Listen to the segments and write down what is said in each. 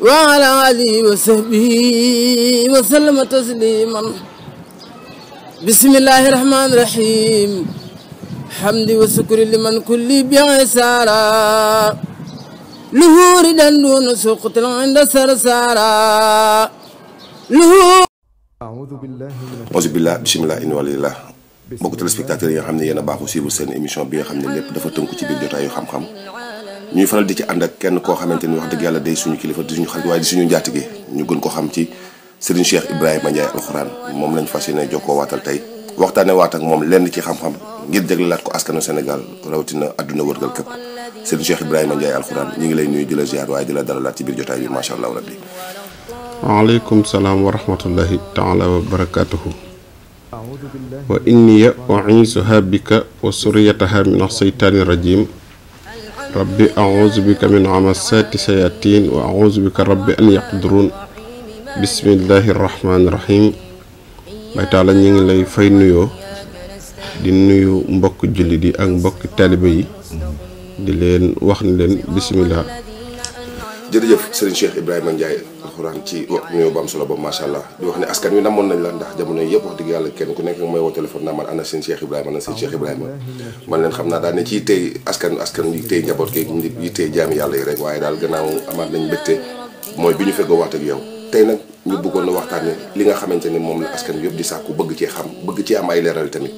وعلى آله وصحبه وسلم تسليما بسم الله الرحمن الرحيم حمد وشكر لمن كل بعسارا لهور دون سقط عند سرسارا لهور أعوذ بالله أعوذ بالله بسم الله إن ولي الله mbokk téléspectateurs yi nga xam ne yéen a baaxu suivre seen émission bi nga xam ne lépp dafa tënku ci biir jotaayu xam-xam ñuy faral di ci ànd ak kenn koo xamante ni wax dëgg yàlla day suñu kilifa di suñu xarit waaye di suñu njaatige ñu gën ko xam ci Serigne Cheikh Ibrahima Ndiaye alxuraan moom lañ fas yéene jokkoo waatal tey waxtaane waat ak moom lenn ci xam-xam ngir jagleelaat ko askanu Sénégal rawatina adduna wërgal këpp Serigne Cheikh Ibrahima Ndiaye alxuraan ñu ngi lay nuyu di la ziar waaye di la dalalaat ci biir jotaay bi macha allah rabbi. waaleykum salaam wa rahmatullahi taala wa barakatuhu wa inni ya uisuha bika wa suriyataha min aseytaani rajim rabbi auzu bika min amasati sayatin wa auzu bika rabbi an yaqdurun bismillahi rahmaani rahim bay taala ñu ngi lay fay nuyoo di nuyu mbokk jullit yi ak mbokk taalibe yi di leen wax leen bismillah jërëjëf Serigne Cheikh Ibrahima Ndiaye alxuraan ci wax ba am solo boobu macha allah di wax ne askan wi namoon nañ la ndax jamono yëpp wax dëgg yàlla kenn ku nekk mooy woo téléphone naa man ana seen Cheikh Ibrahima xam naa daal ne ci tey askan askan yi tey njaboot keeg yi tey jaami yàlla yi rek waaye daal gannaaw nañ mbégte mooy bi ñu feggoo waxtaan ak yow tey nag ñu bëggoon na waxtaane li nga xamante ne moom la askan yëpp di sàkku bëgg cee xam bëgg cee am ay leeral tamit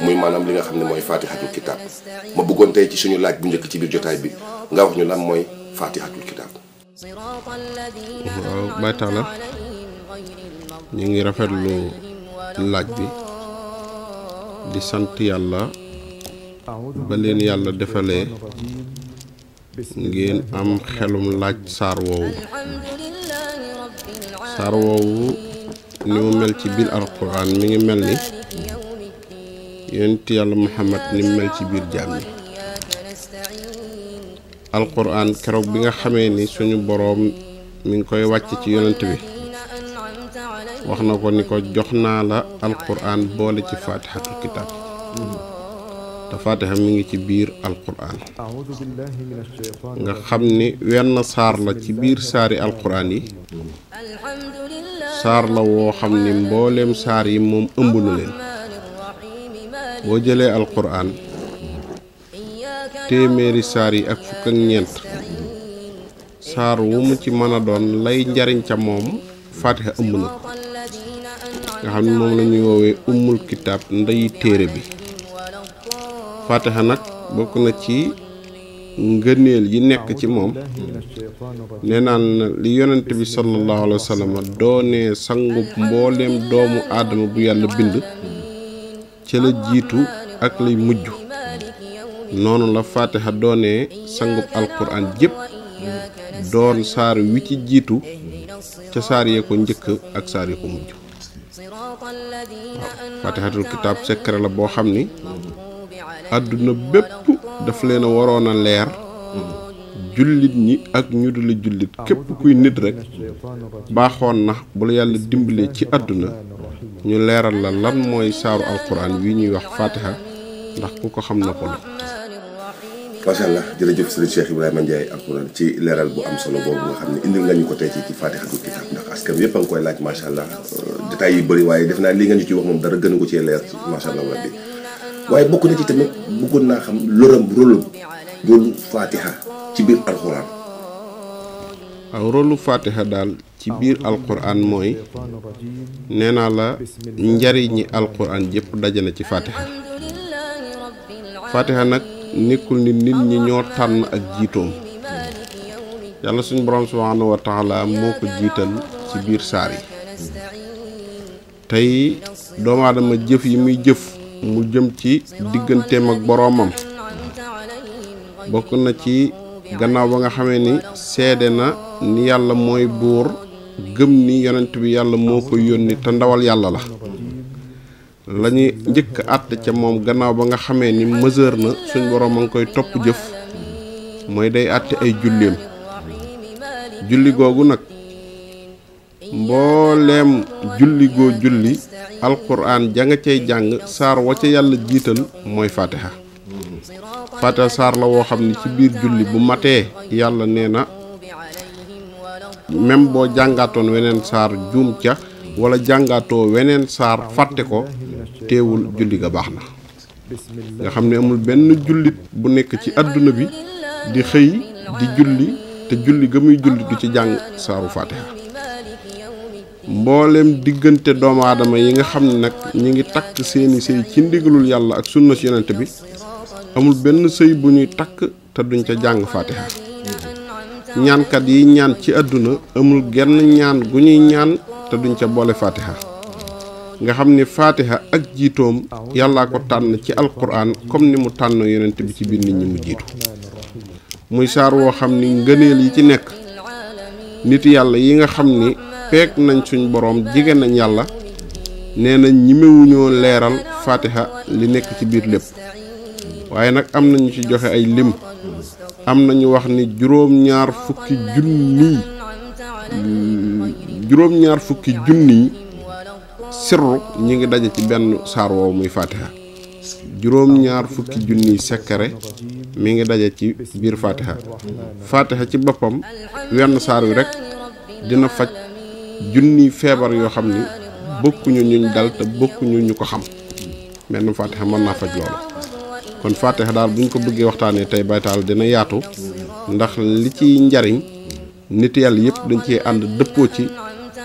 muy maanaam li nga xam ne mooy faatixatul kitaab ma bëggoon tey ci suñu laaj bu njëkk ci biir jotaay bi nga wax ñu lan mooy faatixatul kitaab waaw uh, Baay ñu ngi rafet rafetlu laaj bi di sant yàlla ba leen yàlla defalee ngeen am xelum laaj saar woowu saar woowu ni mu mel ci biir alquran mi ngi mel ni yonent yàlla Muhammad ni mu mel ci biir jaam alquran keroog bi nga xamee ni suñu boroom mi ngi koy wàcce ci yonent bi wax na ko ni ko jox naa la alquran boole ci faatixatul kitaab te faatixa mi ngi ci biir alquran nga xam ni wenn saar la ci biir saari alquran yi saar la woo xam ni mbooleem saar yi moom ëmb na leen boo jëlee alquran téeméeri saar yi ak fukk ak ñeent saar wu mu ci mën a doon lay njariñ ca moom faatixa ëmb na ko nga xam ne moom lañuy ñuy woowee ummul kitaab ndeyi téere bi faatixa nag bokk na ci ngëneel yi nekk ci moom nee li yonent bi sallallahu alayhi wa sallam sangub mbooleem doomu aadama bu yàlla bind ca la jiitu ak lay mujj noonu la fatiha doonee sangub alquran jëpp doon saar wi ci jiitu ca saar yee ko njëkk ak saar yee ko mujj waaw kitaab secret la boo xam ni àdduna bépp dafa leen waroon a leer jullit ñi ak ñu dul jullit képp kuy nit rek baaxoon na bu la yàlla dimbalee ci àdduna ñu leeral la lan mooy saaru alquran wi ñuy wax fatiha ndax ku ko xam na ko la macha allah jërëjëf sëriñ Cheikh Ibrahima Ndiaye alxuraan ci leeral bu am solo boobu nga xam ne indil nga ñu ko tey ci ci Faatixatul Kitaab ndax askan yëpp a ngi koy laaj macha allah euh, détails yu bëri waaye def naa li nga ñu ci wax moom dara gënu ko cee leer macha allah waaye bokk na ci tamit bëggoon naa xam loram rôlam rôlu Faatixa ci biir alxuraan. daal ci biir alxuraan mooy nee naa la njariñi alxuraan yëpp daje na ci Faatixa Faatixa nag. nekkul ni nit ñi ñoo tànn ak jiitoom yàlla suñu borom subhaanahu wa taala moo ko jiital ci biir saar yi tey doomaadama jëf yi muy jëf mu jëm ci digganteem ak boroomam bokk na ci gannaaw ba nga xamee ni seede na ni yàlla mooy buur gëm ni yonent bi yàlla moo ko yónni te ndawal yàlla la lañuy njëkk àtte ca moom gannaaw ba nga xamee ni mesure na suñ borom a ngi koy topp jëf mooy day àtte ay julleem julli googu nag mbooleem julli goo julli alquran ja nga cay jàng saar wa ca yàlla jiital mooy fatiha fatiha saar la woo xam ne ci biir julli bu matee yàlla nee na même boo jàngaatoon weneen saar juum ca wala jàngaatoo weneen saar fàtte ko teewul julli ga baax na nga xam ne amul benn jullit bu nekk ci àdduna bi di xëy di julli te julli ga muy julli du ci jàng saaru fatiha mboolem diggante doomu aadama yi nga xam ni nag ñi ngi takk seeni sëy ci ndigalul yàlla ak sunna si yonent bi amul benn sëy bu ñuy takk te duñ ca jàng fatiha ñaankat yi ñaan ci àdduna amul genn ñaan gu ñuy ñaan te duñ ca boole fatiha nga xam ni fatiha ak jiitoom yàllaa ko tànn ci alquran comme ni mu tànn yonent bi ci biir nit ñi mu jiitu muy saar woo xam ni ngëneel yi ci nekk nit yàlla yi nga xam ni peeg nañ suñ boroom jigéen nañ yàlla nee na ñimewuñoo leeral fatiha li nekk ci biir lépp waaye nag am nañu ci joxe ay lim am nañu wax ni juróom ñaar fukki junni juróom-ñaar fukki junni ngi daje ci benn saar muy fatiha juróom-ñaar sekkare mi ngi daje ci biir fatiha fatiha ci boppam wenn saar wi rek dina faj junni feebar yoo xam ni bokkuñu ñuñ dal te bokkuñu ñu ko xam benn fatiha mën naa faj loolu kon fatiha daal bu ñu ko bëggee waxtaanee tey baytaal dina yaatu ndax li ciy njariñ nit yàlla yëpp dañ cee ànd dëppoo ci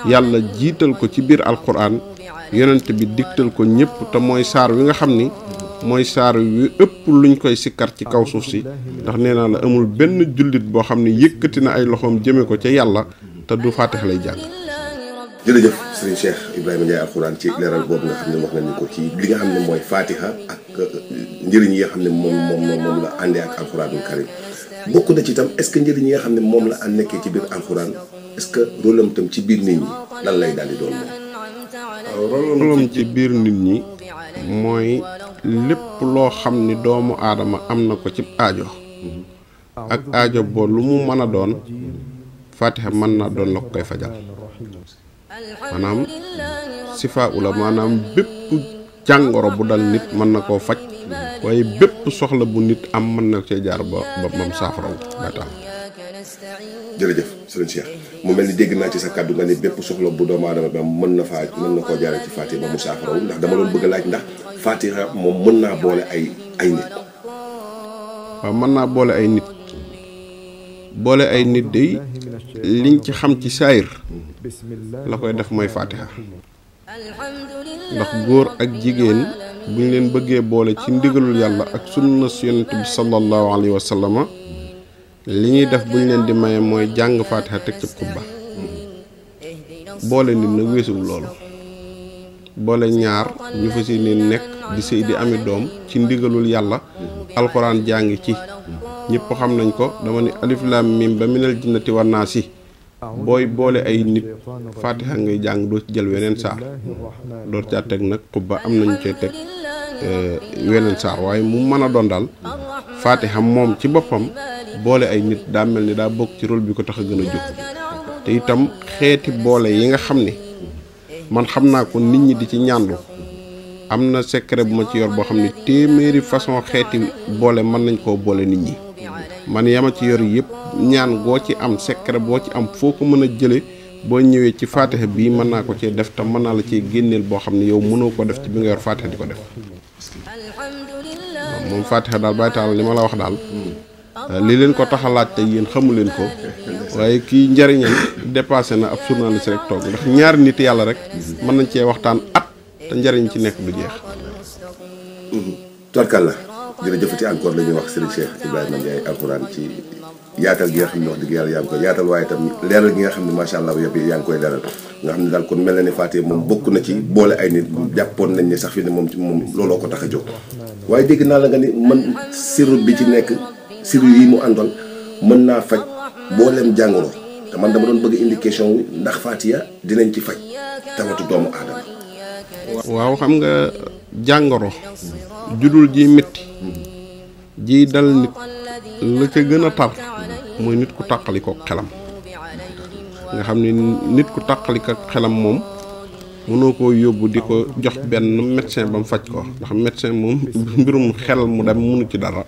yàlla jiital ko ci biir alquran yonent bi digtal ko ñëpp te mooy saar wi nga xam ni mooy saar wi ëpp luñ koy sikkar ci kaw suuf si ndax nee naa la amul benn jullit boo xam ne yëkkati na ay loxoom jëme ko ca yàlla te du faatix lay jàng jërëjëf sëriñ Cheikh Ibrahima Ndiaye alxuraan ci leeral boobu nga xam ne wax nañu ko ci li nga xam ne mooy faatiha ak njëriñ yi nga xam moom moom la àndee ak alxuraanul karim bokk na ci itam est-ce que njëriñ yi nga xam ne moom la am nekkee ci biir alxuraan est-ce que rôle am tam ci biir nit ñi lan lay daal doon moom. rôle ci biir nit ñi mooy lépp loo xam ni doomu aadama am na ko ci aajo. ak aajo boo lu mu mën a doon fatiha mën naa doon la ko koy fajal maanaam sifaa ula maanaam bépp. jàngoro bu dal nit mën na koo faj waaye bépp soxla bu nit am mën na cee jaar ba ba moom saafaraw ba tax mu mel ni dégg naa ci sa kàddu nga ne bépp soxla bu doomu aadama mën na faa mën na koo jaare ci Fatiha ba mu saafaraw ndax dama doon bëgg laaj ndax Fatiha moom mën naa boole ay nit naa boole ay nit boole ay nit day liñ ci xam ci saayir la koy def mooy Fatiha ndax góor ak jigéen buñ leen bëggee boole ci ndigalul yàlla ak sunna yonent bi sallallahu alayhi wa sallama li ñuy def buñ leen di maye mooy jàng faatiha teg ci ba boole nit nag weesuwul loolu boole ñaar ñu fa si ne nekk di sëy di ami doom ci ndigalul yàlla alxuraan jàng ci ñëpp xam nañ ko dama ne alif lam mim ba minal jinnati wan naasi booy boole ay nit faatixa ngay jàng doo ci jël weneen saar door caa teg nag ba am nañu cee teg eh, weneen saar waaye mu mën a doon daal faatixa moom ci boppam boole ay nit daa mel ni daa bokk ci rôle bi ko tax a gën a jóg te itam xeeti boole yi nga xam ni man xam naa ko nit ñi di ci ñaandu am na secret bu ma ci yor boo xam ne téeméeri façon xeeti boole mën nañ koo boole nit ñi man yama ci yor yëpp ñaan goo ci am secret boo ci am foo ko mën a jële boo ñëwee ci faatiha bii mën naa ko cee def te mën naa la ci génneel boo xam ne yow mënoo ko def ci bi nga yor faatiha di ko def moom faatiha daal bàyyi taal li ma la wax daal li leen ko taxalaat a laaj te yéen xamu leen ko waaye kii njariñam dépassé na ab journaliste rek toog ndax ñaari nit yàlla rek mën nañ cee waxtaan at te njariñ ci nekk du jeex torkal jërëjëfati encore la ñuy wax Serigne Cheikh Ibrahima Ndiaye alxuraan ci yaatal gi nga xam ne yàlla yaa ngi koy yaatal waaye itam leeral gi nga xam ne macha allah yëpp yaa ngi koy leeral nga xam ne daal kon mel na ne Faté moom bokk na ci boole ay nit jàppoon nañ sax fi ne moom moom looloo ko tax a jóg waaye dégg naa la nga man siru bi ci nekk siru mu àndoon mën naa faj booleem jàngoro te man dama doon bëgg indication wi ndax Fatia dinañ ci faj tawatu doomu aadama waaw xam nga jàngoro judul ji metti ji dal nit la ca gën a tar mooy nit ku tàqali ko xelam nga xam ne nit ku tàqali xelam moom mënoo ko yóbbu di ko jox benn médecin ba mu faj ko ndax médecin moom mbirum xel mu dem mënu ci dara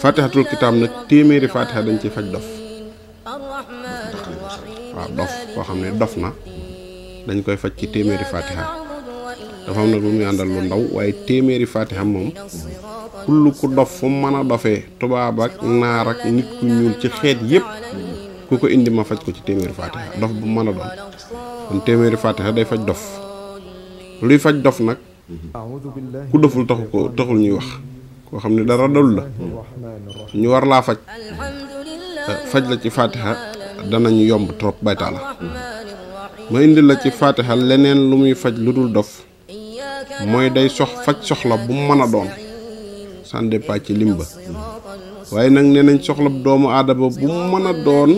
faatixatul kitaab nag téeméeri faatixa dañ ci faj dof waaw dof koo xam ne dof na dañ koy faj ci téeméeri faatixa dafa am nag lu muy àndal lu ndaw waaye téeméeri fatiha moom kull ku dof fu mën a dofee tubaab ak naar ak nit ku ñuul ci xeet yépp ku ko indi ma faj ko ci téeméeri fatiha dof bu mën a doon kon téeméeri fatiha day faj dof luy faj dof nag ku doful taxu ko taxul ñuy wax koo xam ne dara dal la ñu war laa faj faj la ci fatiha danañu yomb trop baytaala ma indi la ci fatiha leneen lu muy faj lu dul dof mooy day sox faj soxla bu mu mën a doon sans départ ci lim waaye nag nee nañ soxla doomu aadama bu mën a doon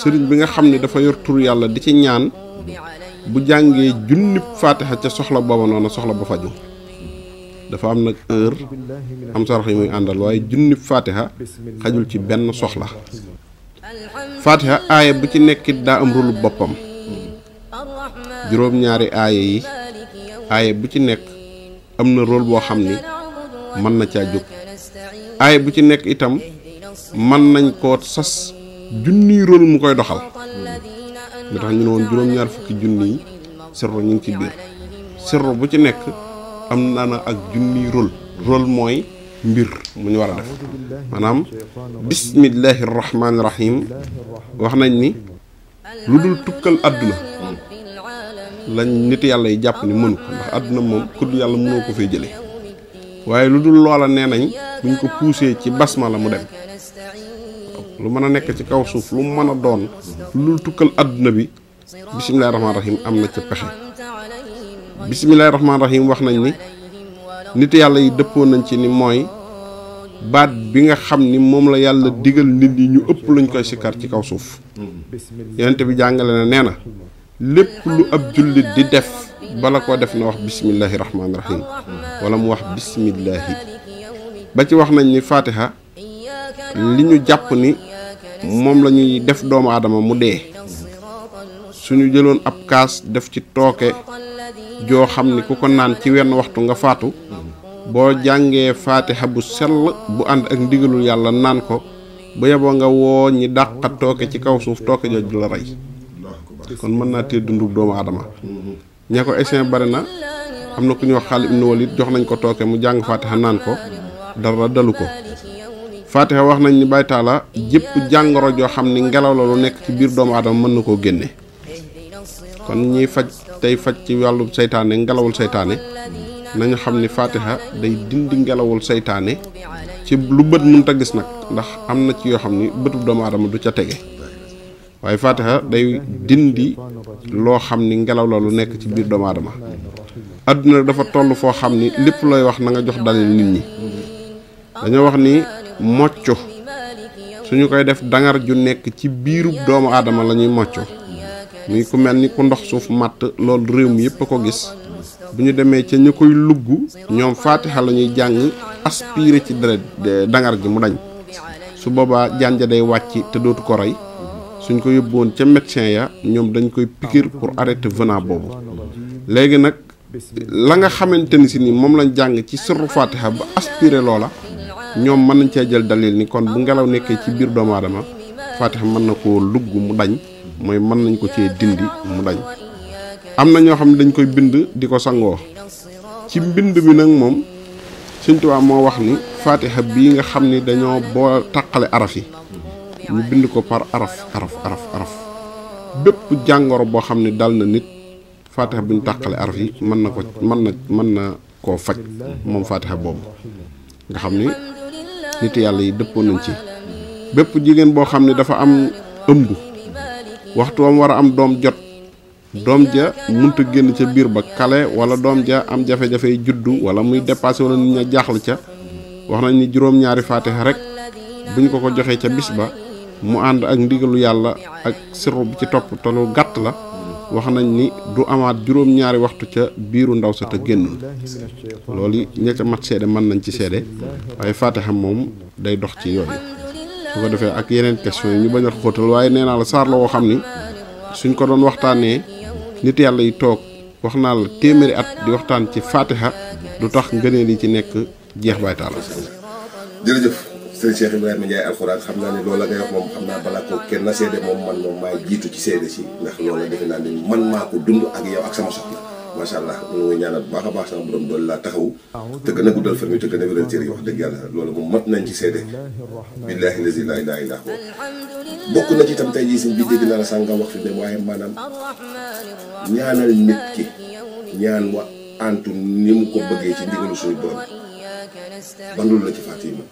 sëriñ bi nga xam ni dafa yor tur yàlla di ci ñaan bu jàngee junnib faatixa ca soxla booba noonu soxla ba faju dafa am nag heure am sarax yi muy àndal waaye junnib faatixa xajul ci benn soxla faatixa aaya bu ci nekkit daa am rôle boppam juróom-ñaari aaya yi aaye bu ci nekk am na rol boo xam ni mën na caa jóg aaye bu ci nekk itam mën nañ koo sas junniy rôle mu koy doxal nga tax ñu ne woon juróom-ñaar fukki junni yi sirru ñu ngi ci biir sirru bu ci nekk am na na ak junniy rol rôle mooy mbir mu ñu war a def maanaam bismillahi rahmaani wax nañ ni lu dul tukkal àdduna lañ nit yàlla yi jàpp ni mënu ko ndax àdduna moom kudd yàlla mënoo ko fay jëlee waaye lu dul loola nee nañ buñ ko poussé ci la mu dem lu mën a nekk ci kaw suuf lu mën a doon lu tukkal àdduna bi bisimilahi rahmaani rahim am na ca pexe bisimilahi rahmaani rahim wax nañ ni nit yàlla yi dëppoo nañ ci ni mooy baat bi nga xam ni moom la yàlla digal nit ñi ñu ëpp luñ koy sikkar ci kaw suuf mm-hmm. yonent bi jàngale na nee na lépp lu ab jullit di def bala koo def na wax bisimillahi rahmaani rahim wala mu wax bisimillahi ba ci wax nañ ni fatiha li ñu jàpp ni moom lañuy def doomu aadama mu dee su ñu jëloon ab kaas def ci tooke joo xam ni ku ko naan ci wenn waxtu nga faatu boo jàngee fatiha bu sell bu ànd ak ndigalul yàlla naan ko bu yeboo nga woo ñi dàqa tooke ci kaw suuf tooke jooju la rey kon mën naa tee dundub doomu aadama ña ko essayer bari na am na ku ñuy wax Xaalid ibn Walid jox nañ ko tooke mu jàng faatixa naan ko dara dalu ko faatixa wax nañ ni Baay Taala jëpp jàngoro joo xam ni ngelaw la lu nekk ci biir doomu aadama mën na koo génne kon ñiy faj tey faj ci wàllu seytaane ngelawul seytaane nañu xam ni faatixa day dindi ngelawul seytaane ci lu bët mënta gis nag ndax am na ci yoo xam ni bëtu doomu aadama du ca tege waaye fatiha day dindi loo xam ni ngelaw la lu nekk ci biir doomu aadama adduna rek dafa toll foo xam ni lépp looy wax nanga jox dalil nit ñi dañoo wax ni mocc suñu koy def danar ju nekk ci biiru doomu aadama la ñuy mocco muy ku mel ni ku ndox suuf màtt loolu réew mi yëpp a ko gis bu ñu demee ca ñu koy lugg ñoom fatiha la ñuy jàng aspiré ci deret dangar ji mu dañ su boobaa janja day wàcc te dootu ko rey suñ ko yóbbuwoon ca médecin ya ñoom dañ koy piqûre pour arrêter venin boobu léegi nag la nga xamante ni si ni moom lañ jàng ci sirru fatiha ba aspiré loola ñoom mën nañ cee jël dalil ni kon bu ngelaw nekkee ci biir doomu aadama fatiha mën na ko lugg mu dañ mooy mën nañ ko cee dindi mu dañ am na ñoo xam ne dañ koy bind di ko sangoo ci mbind bi nag moom Sëñ moo wax ni fatiha bii nga xam ni dañoo boo taqale araf yi ñu bind ko par araf araf araf araf bépp jàngoro boo xam ne dal na nit faatixa bu ñu tàqale araf yi mën na ko mën na mën na koo faj moom faatixa boobu nga xam ni nit yàlla yi dëppoo nañ ci bépp jigéen boo xam ne dafa am ëmb waxtu wam war a am doom jot doom ja munta génn ca biir ba kale wala doom ja am jafe-jafe juddu wala muy dépassé wala nit ña jaaxlu ca wax nañ ni juróom-ñaari faatixa rek buñ ko ko joxee ca bis ba mu ànd ak ndigalu yàlla ak sirru bi ci topp te gàtt la wax nañ ni du amaat juróom-ñaari waxtu ca biiru ndaw sa te génnul loolu ña ca mat seede mën nañ ci seede waaye faatiha moom day dox ci yooyu su ko defee ak yeneen question yi ñu bañ a xóotal waaye nee naa la saar woo xam ni suñ ko doon waxtaanee nit yàlla yi toog wax naa la téeméeri at di waxtaan ci faatiha du tax ngëneel yi ci nekk jeex baay taala sëñ Cheikh Ibrahima Ndiaye xam ne moom na seede moom man moom maa jiitu ci seede si ak yow ak sama soxna macha allah ñu ngi bu baax a laa taxaw te gën a guddal fan wi te gën a wéral cër yi wax dëgg nañ ci seede billaahi bokk na ci tam tey jii sëñ bi dégg naa la sànq wax fi ne waaye maanaam ñaanal nit ki ñaan wa antu ni mu ko bëggee ci ndigalu suñu borom bandul la ci Fatima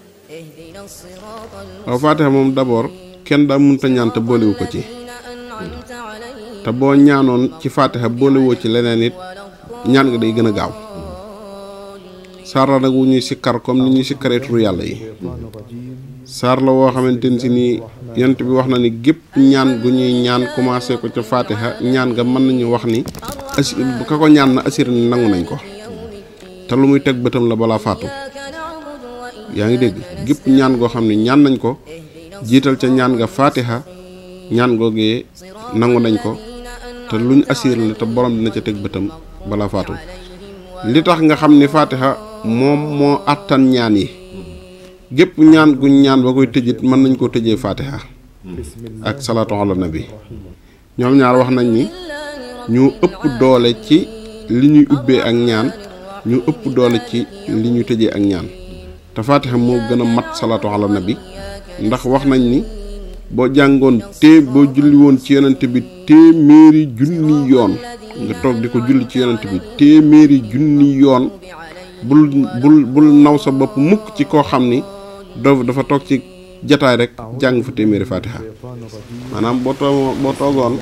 waaw faatiha moom d'abord kenn daa mënta ñaan te boolewu ko ci te boo ñaanoon ci faatiha boolewoo ci leneen it ñaan nga day gën a gaaw saar nag wu ñuy sikkar comme ni ñuy sikkaree turu yàlla yi saar woo xamante ni si nii yant bi wax na ni gépp ñaan gu ñuy ñaan commencé ko ca faatiha ñaan nga mën nañu wax ni assi ka ko ñaan na assir ni nangu nañ ko te lu muy teg bëtam la balaa faatu yaa ngi dégg gépp ñaan goo xam ne ñaan nañ ko jiital ca ñaan nga faatiha ñaan googee nangu nañ ko te luñ assuré la te borom dina ca teg bëtam balaa faatu li tax nga xam ni faatiha moom moo àttan ñaan yi gépp ñaan guñ ñaan ba koy tëjit mën nañ koo tëjee faatiha ak salaatu ala nabi ñoom ñaar wax nañ ni ñu ëpp doole ci li ñuy ubbee ak ñaan ñu ëpp doole ci li ñu tëjee ak ñaan te faatixa moo gën a mat salaatu ala nabi ndax wax nañ ni boo jàngoon té boo julli woon ci yonent bi téeméeri junni yoon nga toog di ko julli ci yonent bi téeméeri junni yoon bul bul naw sa bopp mukk ci koo xam ni doof dafa toog ci jataay rek jàng fa téeméeri faatixa maanaam boo toogoon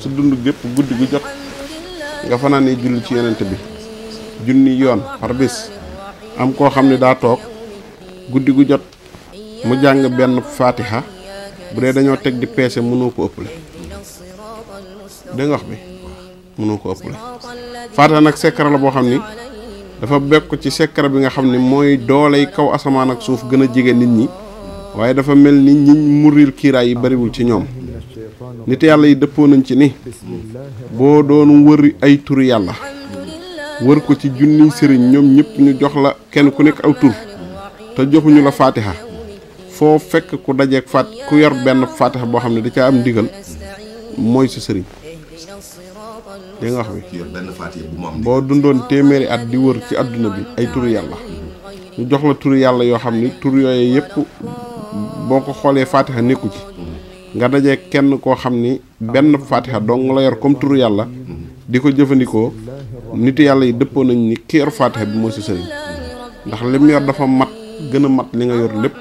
su dund gépp guddi gu jot nga fanaanee julli ci yonent bi junni yoon par bis am koo xam ne daa toog guddi gu jot mu jàng benn faatiha bu dee dañoo teg di peese mënoo ko ëppale dégg bi mënoo ko faatiha nag sekkara la boo xam ni dafa bekk ci sekkara bi nga xam ne mooy doole kaw asamaan ak suuf gën a jege nit ñi waaye dafa mel ni ñiñ muril kiiraay yi bariwul ci ñoom nit yàlla yi dëppoo nañ ci ni boo doon wër ay turu yàlla wër ko ci junniy sëriñ ñoom ñëpp ñu jox la kenn ku nekk aw tur te joxuñu la faatiha foo fekk ku dajeeg faat ku yor benn faatiha boo xam ne da caa am ndigal mooy si sëriñ li nga boo dundoon téeméeri at di wër ci àdduna bi ay turu yàlla ñu jox la turu yàlla yoo xam ni tur yooyu yëpp boo ko xoolee faatiha nekku ci nga dajee kenn koo xam ni benn faatiha dong la yor comme turu yàlla di ko jëfandikoo nit yàlla yi dëppoo nañu ni ki yor faatixa bi moo si sëriñ ndax lim yor dafa mat gën a mat li nga yor lépp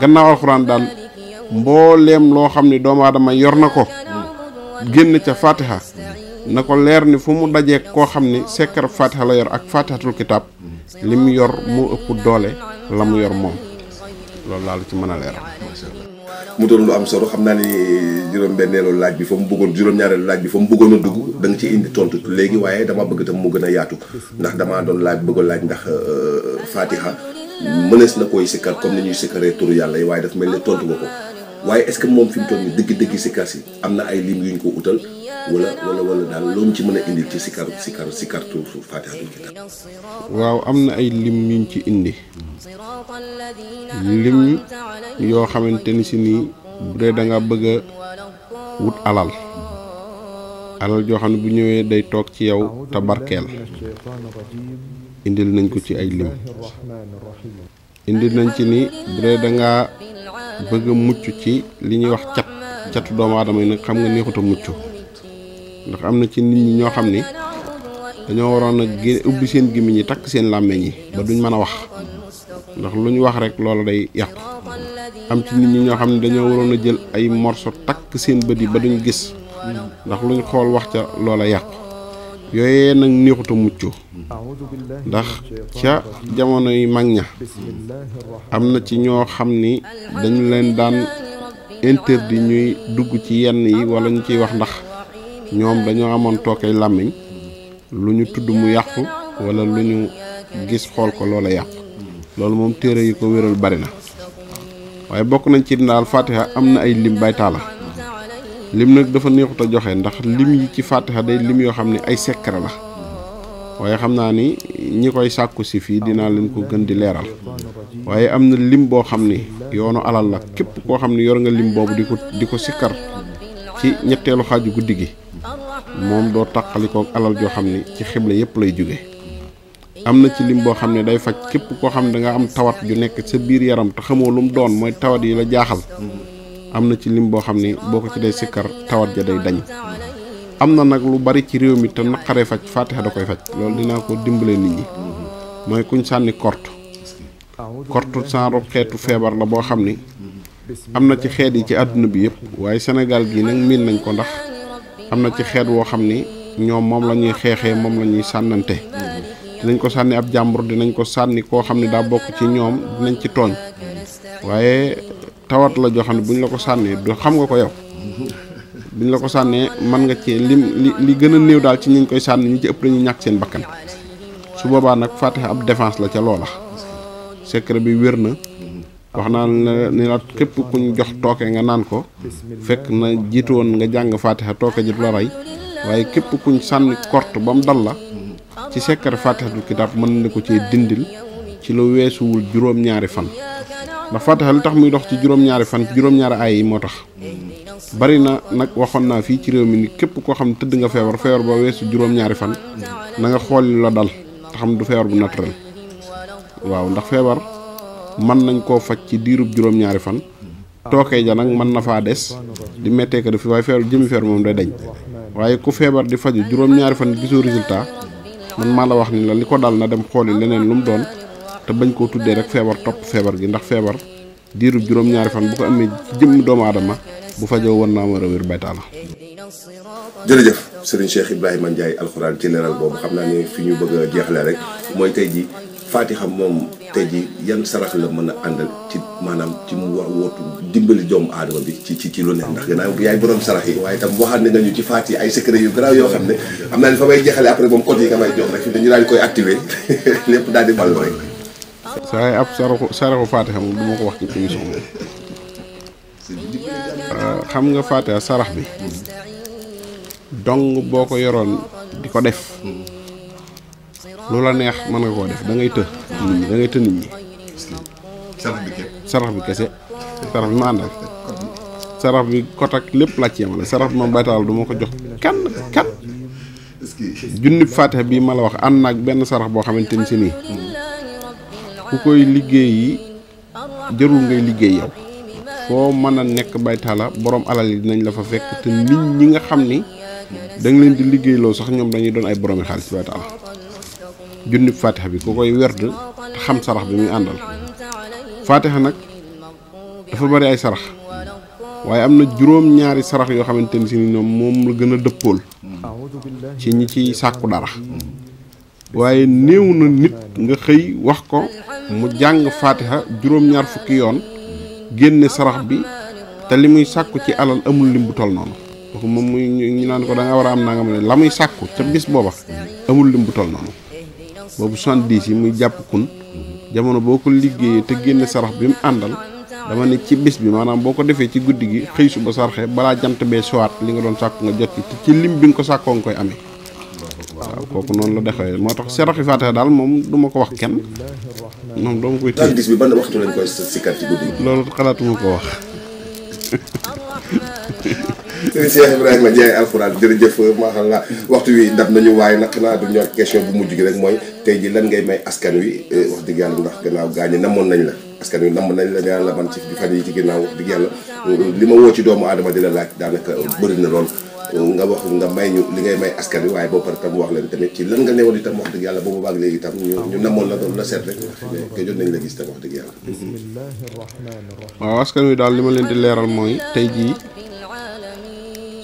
gannaaw alxuraan daal mbooleem loo xam ni doomu aadama yor na ko génn ca faatixa na ko leer ni fu mu dajee koo xam ni sekkar faatixa la yor ak faatixatul kitaab li mu yor moo ëpp doole la mu yor moom loolu laa la ci mën a leeral mu toon lu am solo xam naa ni juróom-benneelu laaj bi fa mu bëggoon juróom-ñaareelu laaj bi fa mu bëggoon a dugg da ci indi tontu léegi waaye dama bëgg tam mu gën a yaatu ndax damaa doon laaj bëgg laaj ndax euh, Fatiha mënees na koy sikkar comme ni ñuy sikkaree turu yàlla waaye daf mel ni tontu nga ko waaye est-ce que moom fi mu toll dëgg-dëgg sikar si am na ay lim yu ko utal wala wala daal loolu ci mën a indil ci sikar sikar sikartu faatixatul kitaab waaw am na ay lim yuñ ci indi lim yoo xamante ni si nii bu danga da bëgg a wut alal alal joo xam ne bu ñëwee day toog ci yow te barkeel indil nañ ko ci ay lim indil nañ ci ni bu dee bëgg mucc ci li ñuy wax cat catu doomu aadama yi nag xam nga neexut mucc ndax am na ci nit ñi ñoo xam ni dañoo waroon a ubbi seen gémmiñ yi takk seen làmmeñ yi ba duñ mën a wax ndax lu ñu wax rek loolu day yàq am ci nit ñi ñoo xam ne dañoo waroon a jël ay morso takk seen bët yi ba duñ gis ndax lu ñu xool wax ca a yàqu yooyee nag neexuta mucc ndax ca jamono yi mag ña am na ci ñoo xam ni dañu leen daan interdit ñuy dugg ci yenn yi wala ñu ciy wax ndax ñoom dañoo amoon tookay làmmiñ lu ñu tudd mu yàqu wala lu ñu gis xool ko loola yàqu loolu moom téere yi ko wéral bari na waaye bokk nañ ci daal Fatiha am na ay lim baytaala lim nag dafa neexut a joxe ndax lim yi ci fàtiha day lim yoo xam ne ay secret la waaye xam naa ni ñi koy sàkku si fii dinaa leen ko gën di leeral waaye am na lim boo xam ni yoonu alal la képp koo xam ne yor nga lim boobu di ko di ko sikkar ci ñetteelu xaaju guddi gi moom doo tàqalikoo alal joo xam ni ci xibla yépp lay jóge am na ci lim boo xam ne day faj képp koo xam ne da am tawat ju nekk sa biir yaram te xamoo lu mu doon mooy tawat yi la jaaxal am na ci lim boo xam ni boo ko ci day sikkar tawat ja day dañ am na nag lu bari ci réew mi te naqaree faj fatiha da koy faj loolu dinaa ko dimbalee nit mooy kuñ sànni korte korte saaru xeetu feebar la boo xam ni am na ci xeet yi ci àdduna bi yëpp waaye Sénégal gii nag miin nañ ko ndax am na ci xeet woo xam ni ñoom moom la ñuy xeexee moom la ñuy sànnante dinañ ko sànni ab jàmbur dinañ ko sànni koo xam ne daa bokk ci ñoom dinañ ci tooñ waaye tawat la joo xam ne bu ñu la ko sànnee du xam nga ko yow bu ñu la ko sànnee man nga cee li li gën a néew daal ci ñu koy sànni ñi ci ëpp dañuy ñàkk seen bakkan su boobaa nag Fatiha ab défense la ca loola secret bi wér na wax naa ne ni la képp ñu jox tooke nga naan ko fekk na jiitu nga jàng Fatiha tooke ji du la rey waaye képp kuñ sànni kort ba mu dal la ci secret Fatihatul Kitab mën na ko cee dindil ci lu weesuwul juróom-ñaari fan ndax fatiha li tax muy dox ci juróom-ñaari fan juróom-ñaari ay yi moo tax bari na nag waxoon naa fii ci réew mi ni képp koo xam ne tëdd nga feebar feebar ba weesu juróom-ñaari fan na nga xool la dal te xam du feebar bu naturel waaw ndax feebar mën nañ koo faj ci diirub juróom-ñaari fan tookee ja nag mën na faa des di mettee ko fi waaye feebar jëmi fer moom day dañ waaye ku feebar di faju juróom-ñaari fan gisoo résultat man maa la wax ni la li ko dal na dem xooli leneen lu mu doon te bañ koo tuddee rek feebar topp feebar gi ndax feebar diiru juróom-ñaari fan bu ko amee jëmm doomu adama bu fa war naa war a wér baytaala jërëjëf sëriñ Cheikh Ibrahima Ndiaye alxuraan ci leeral boobu xam naa ne fi ñu bëgg a jeexle rek mooy tey ji faatixa moom tey ji yan sarax mën a àndal ci maanaam ci mu wax wootu dimbali doomu aadama bi ci ci ci lu ne yi waaye tam waxaat ne nga ñu ci faati ay secret yoo xam ne am naa may jeexale après moom code yi jox rek fi dañu daal koy activé lépp daal di ball rek saa ab saraxu saraxu faatiha moom du ma ko wax ci émission moom ah, xam nga faatiha sarax bi dong boo ko yoroon di ko def lu la neex mën nga koo def dangay të nit ñi sarax bi kese sarax bi kese sarax bi sarax bi kot ak lépp laa ci yemale sarax bi ma baytaal du ma ko jox kan kan junni faatiha bii ma la wax ànd naag benn sarax boo xamante ni si nii ku koy liggéeyi jarul ngay liggéey yow foo mën a nekk baytaala boroom alal yi dinañ la fa fekk te nit ñi nga xam ni da nga leen di liggéeyloo sax ñoom dañuy doon ay boromi xaalis baytaala junni fatiha bi ku koy werd xam sarax bi muy àndal fatiha nag dafa bari ay sarax waaye am na juróom-ñaari sarax yoo xamante ni si ni ñoom moom la gën a dëppool ci ñi ciy sàkku dara waaye néew na nit nga xëy wax ko mu jàng faatiha juróom-ñaar fukki yoon génne sarax bi te li muy sàkku ci alal amul lim bu toll noonu donc moom muy naan ko da nga war a am naa ma ne la sàkku ca bis booba amul lim bu toll noonu boobu soixante-dix yi muy jàpp kun jamono boo ko liggéeyee te génne sarax bi mu àndal dama ne ci bis bi maanaam boo ko defee ci guddi gi xëy suba sarxe balaa jant bee sowaat li nga doon sàkku nga jot ci te ci lim bi nga ko sàkkoo nga koy amee waaw kooku noonu la dexee moo tax saraxi faatiha daal moom duma ko wax kenn moom doo ma koy tëj bis bi ban waxtu lañ koy sikkar ci guddi loolu xalaatuma ko wax sëriñ Cheikh Ibrahima Ndiaye jërëjëf maa xam waxtu wi dab nañu waaye nag xanaa du ñor question bu mujj gi rek mooy tey ji lan ngay may askan wi eh, wax dëgg yàlla ndax gannaaw gaañi namoon nañ la askan wi namm nañ la ñaan la man ci fan yi ci ginnaaw wax dëgg yàlla li ma woo ci doomu aadama di la laaj daanaka bëri na lool nga wax nga may ñu li ngay may askan wi waaye boo pare tam la doon la seet rek nga jot la gis tam wax dëgg waaw askan wi daal li ma leen di leeral mooy tey ji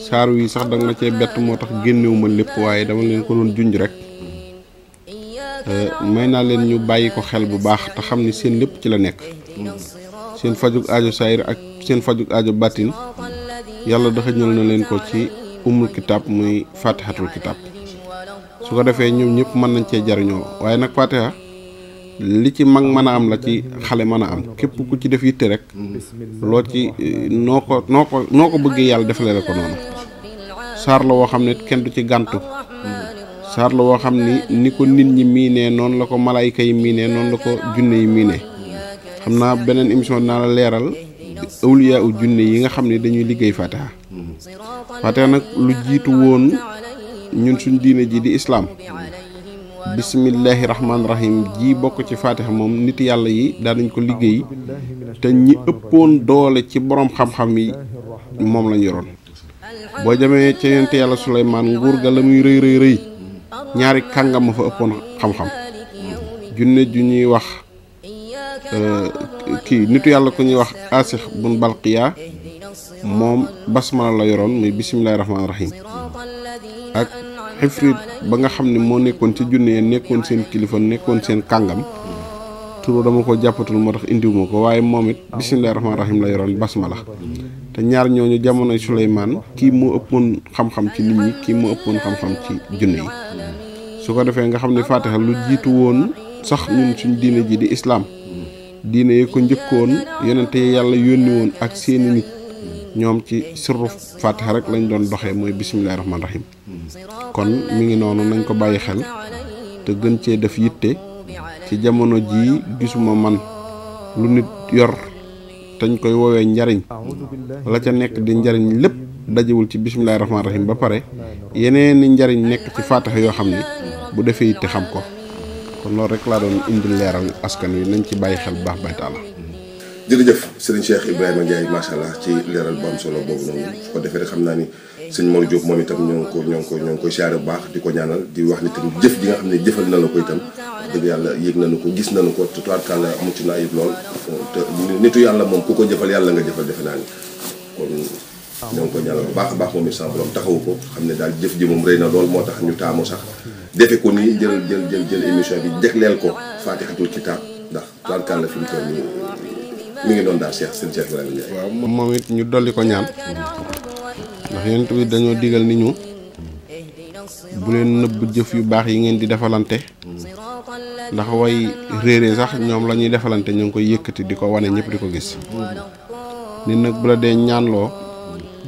saar wi sax danga ma cee bett moo tax génnewu ma lépp waaye dama leen ko doon junj rek eh, may naa leen ñu bàyyi ko xel bu baax te xam ni seen lépp ci la nekk seen fajug aajo saayir ak seen fajug aajo bàttin yàlla dafa ñël na leen ko ci ummul kitaab muy fatihatul kitaab su ko defee ñoom ñëpp mën nañ cee jariñoo waaye nag fatiha li ci mag mën a am la ci xale mën a am képp ku ci def yitte rek loo ci noo ko noo ko noo ko bëggee yàlla defalee la ko noonu saar la woo xam ne kenn du ci gàntu saar la woo xam ni ni ko nit ñi miine noonu la ko malaayka yi miine noonu la ko junne yi miine xam naa beneen émission dinaa la leeral awliyaa u junne yi nga xam ne dañuy liggéey fatiha fatiha nag lu jiitu woon ñun suñ diine ji di islaam bismillahi rahmaani rahim ji bokk ci fatiha moom nit yàlla yi daanañ ko liggéey te ñi ëppoon doole ci boroom xam-xam yi moom lañ yoroon boo jamee ci yonent yàlla suleymaan nguur ga la muy rëy rëy rëy ñaari kàngam ma fa ëppoon xam-xam junne ju ñuy wax euh, kii nitu yàlla ku ñuy wax asix bun balqiya moom basma la yoroon muy bisimilahi rahmaani rahim ak xifrit ba nga xam ne moo nekkoon ci junne ya nekkoon seen kilifa nekkoon seen kàngam turu dama ko jàppatul moo tax indiwuma ko waaye moom it bisimilahi rahmaani rahim la yoroon basmala te ñaar ñoo ñooñu jamonoy Suleymaan kii moo ëppoon xam-xam ci nit ñi kii moo ëppoon xam-xam ci junne yi su ko defee nga xam ne faatixa lu jiitu woon sax ñun suñ diine ji di islaam diine yi ko njëkkoon yonente yàlla yónni woon ñoom ci surru fatiha rek lañ doon doxee mooy bisimilah rahmaani rahim kon mi ngi noonu nañ ko bàyyi xel te gën cee def yitte ci jamono jii gisuma man lu nit yor tañ koy woowee njariñ la ca nekk di njariñ lépp dajewul ci bisimilah rahmaani rahim ba pare yeneen i njariñ nekk ci fatiha yoo xam ne bu defee yitte xam ko kon loolu rek laa doon indi leeral askan wi nañ ci bàyyi xel bu baax baytaala jërëjëf sëriñ Cheikh Ibrahima Ndiaye macha allah ci leeral bu am solo boobu noonu su ko defee xam naa ni sëñ Mor Diop moom itam ñoo ko ñoo ko ñoo ngi koy siyaare bu baax di ko ñaanal di wax ni tamit jëf ji nga xam ne jëfal na la ko itam wax dëgg yàlla yéeg nañu ko gis nañu ko te tubaarkàlla amu ci naa yëg lool te nitu yàlla moom ku ko jëfal yàlla nga jëfal defe naa ni kon ñoo ko ñaanal bu baax a baax moom it sama borom taxawu ko xam ne daal jëf ji moom rey na lool moo tax ñu taamu sax defe ko nii jël jël jël jël émission bi jagleel ko faatixatul kitaab ndax tubaarkàlla fi mu toll nii mi ngi moom it ñu dolli ko ñaan ndax yonent bi dañoo digal ni ñu bu leen nëbb jëf yu baax yi ngeen di defalante ndax way réere sax ñoom la ñuy defalante ñu ngi koy yëkkati di ko wane ñëpp di ko gis nit nag bu la dee ñaanloo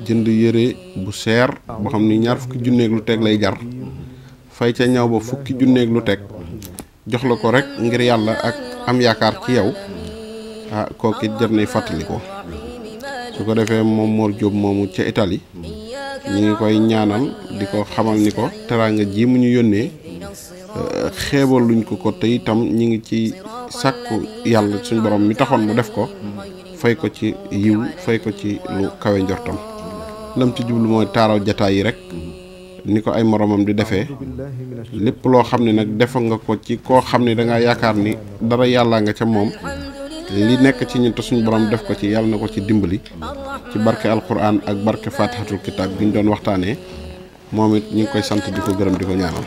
jënd yére bu seer boo xam ni ñaar fukki junneeg lu teg lay jar fay ca ñaw ba fukki junneeg lu teg jox la ko rek ngir yàlla ak am yaakaar ci yow ah kooku it jar nay fàttali ko su ko defee moom Mor Diop moomu ca Italie ñi ngi koy ñaanal di ko xamal ni ko teraanga jii mu ñu yónnee eh, xeebal luñ ko ko te itam ñu ngi ci sàkku yàlla suñ borom mi taxoon mu def ko fay ko ci yiw fay ko ci lu kawe njortam lam ci jublu mooy taaraw jataay yi rek ni ko ay moromam di defee lépp loo xam ne nag defa nga ko ci koo xam ne danga yaakaar ni dara yàllaa nga ca moom li nekk ci ñu te suñu borom def ko ci yàlla na ko ci dimbali ci barke alquran ak barke fatihatul kitab bi ñu doon waxtaanee moom it ñu ngi koy sant di ko gërëm di ko ñaanal.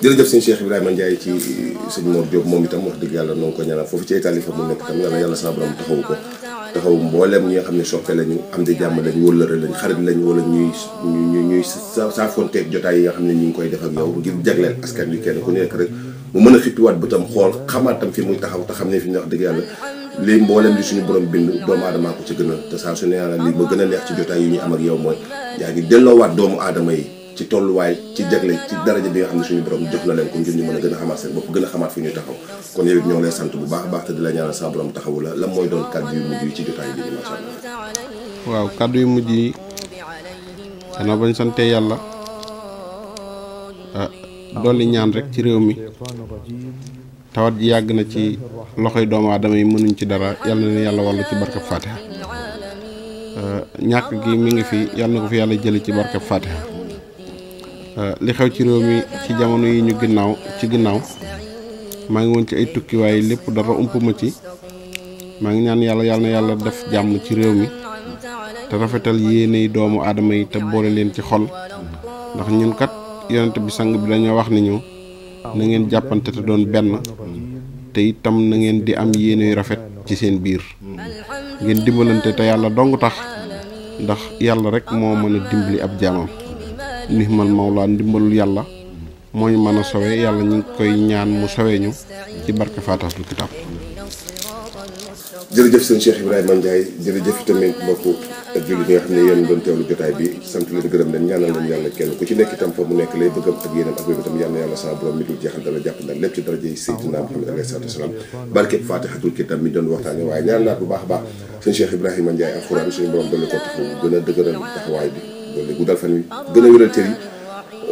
jërëjëf sëñ Cheikh Ibrahima Ndiaye ci sëñ Mor Diop moom itam wax dëgg yàlla noo ngi ko ñaanal foofu ci Italie fa mu nekk tam yàlla yàlla saa borom taxawu ko taxawu mbooleem ñi xam ne soppe lañu am di jàmm lañ wóllëre lañ xarit lañ wala ñuy saa ñuy saafonteeg jotaay yi nga xam ne ñu ngi koy def ak yow ngir jagleel askan wi kenn ku nekk rek mu mën a xippiwaat bëtam xool xamaat tam fi muy taxaw te xam ne fi mu wax dëgg yàlla lii mboolem li suñu borom a te saa su ne yàlla li ma gën a neex ci jotaay yi ñu am ak yow doomu aadama yi ci tolluwaay ci jagle ci daraja bi nga xam ne suñu borom jox na leen ko ngir ñu mën a gën a xamaat seen bopp gën a xamaat fi ñuy taxaw kon yow it ñoo ngi lay sant bu baax a baax te di la ñaanal sa borom taxawu la lan mooy doon kàddu yu mujj yi ci jotaay bi ni macha allah waaw kàddu yu mujj yi dolli ñaan rek ci réew mi tawat ji yàgg na ci loxoy doomu aadama yi mënuñ ci dara yàlla na yàlla wàllu ci barkab Fatiha euh, ñàkk gi mi ngi fi yàlla na ko fi yàlla jële ci barkab Fatiha euh, li xew ci réew mi ci jamono yi ñu ginnaaw ci ginnaaw maa ngi woon ci ay tukkiwaay lépp dafa umpuma ci maa ngi ñaan yàlla yàlla na yàlla def jàmm ci réew mi te rafetal yéeney doomu aadama yi te boole leen ci xol ndax ñun kat yonent bi sang bi dañoo wax ni ñu na ngeen jàppante te doon benn te itam na ngeen di am yéene yu rafet ci seen biir ngeen dimbalante te yàlla dong tax ndax yàlla rek moo mën a dimbali ab jaamam nihmal mawlaa ndimbalul yàlla moo ñu mën a sowe yàlla ñu ngi koy ñaan mu sowe ñu ci barke Faatihaatul Kitaab ak jullit yi xam ne yéen doon teewlu jotaay bi sant leen gërëm leen ñaanal yàlla kenn ku ci nekk itam fa mu nekk lay bëggam ak yéenam ak wébatam a baax sëñ Cheikh Ibrahima Ndiaye ak suñu borom doole a dëgëral taxawaay a wéral cër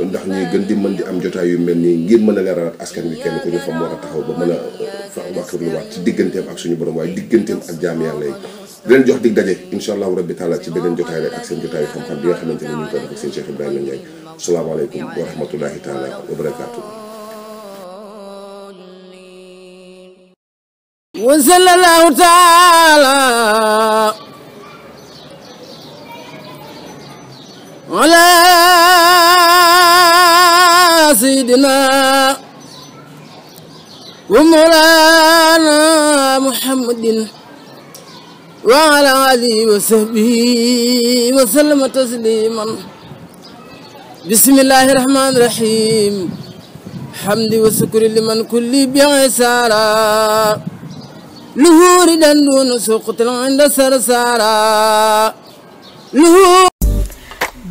yi di mën di am jotaay yu mel nii ngir mën a leeralaat askan wi kenn ku ñu fam a taxaw ba mën a fa wàkkirluwaat ci digganteem ak suñu borom waaye digganteem ak jaam yàlla yi di leen jox dig daje incha allahu rabbi taala ci beneen jotaay rek ak seen jotaayu xam-xam bi nga xamante ne ñu ngi koy def ak seen Cheikh Ibrahima Ndiaye asalaamaaleykum wa rahmatullahi taala wa barakaatuh وصلى الله تعالى على سيدنا ومولانا محمد وعلى آله وصحبه وسلم تسليما بسم الله الرحمن الرحيم حمد وشكر لمن كل بعسارا لهور دندون سقط عند سرسارا